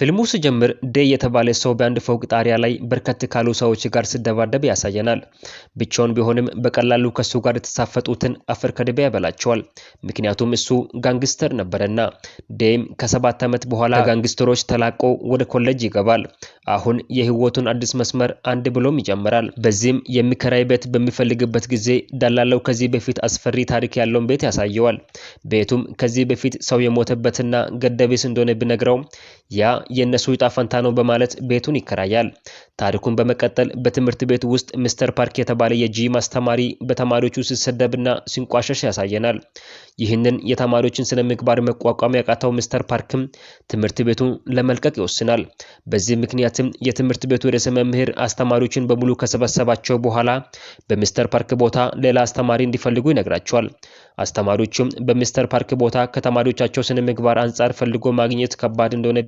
ፊልሙ ሲጀምር ዴይ የተባለ ሰው በአንድ ፎቅ ጣሪያ ላይ በርከት ካሉ ሰዎች ጋር ሲደባደብ ያሳየናል። ብቻውን ቢሆንም በቀላሉ ከሱ ጋር የተሳፈጡትን አፈር ከድባ ያበላቸዋል። ምክንያቱም እሱ ጋንግስተር ነበረና። ዴይም ከሰባት ዓመት በኋላ ጋንግስተሮች ተላቆ ወደ ኮሌጅ ይገባል። አሁን የህይወቱን አዲስ መስመር አንድ ብሎም ይጀምራል። በዚህም የሚከራይ ቤት በሚፈልግበት ጊዜ ደላላው ከዚህ በፊት አስፈሪ ታሪክ ያለውን ቤት ያሳየዋል። ቤቱም ከዚህ በፊት ሰው የሞተበትና ገደቤስ እንደሆነ ቢነግረው ያ የእነሱ ዕጣ ፈንታ ነው በማለት ቤቱን ይከራያል። ታሪኩን በመቀጠል በትምህርት ቤት ውስጥ ሚስተር ፓርክ የተባለ የጂም አስተማሪ በተማሪዎቹ ሲሰደብና ሲንቋሸሽ ያሳየናል። ይህንን የተማሪዎችን ስነ ምግባር መቋቋም ያቃተው ሚስተር ፓርክም ትምህርት ቤቱን ለመልቀቅ ይወስናል። በዚህ ምክንያትም የትምህርት ቤቱ ርዕሰ መምህር አስተማሪዎችን በሙሉ ከሰበሰባቸው በኋላ በሚስተር ፓርክ ቦታ ሌላ አስተማሪ እንዲፈልጉ ይነግራቸዋል። አስተማሪዎቹም በሚስተር ፓርክ ቦታ ከተማሪዎቻቸው ስነ ምግባር አንጻር ፈልጎ ማግኘት ከባድ እንደሆነ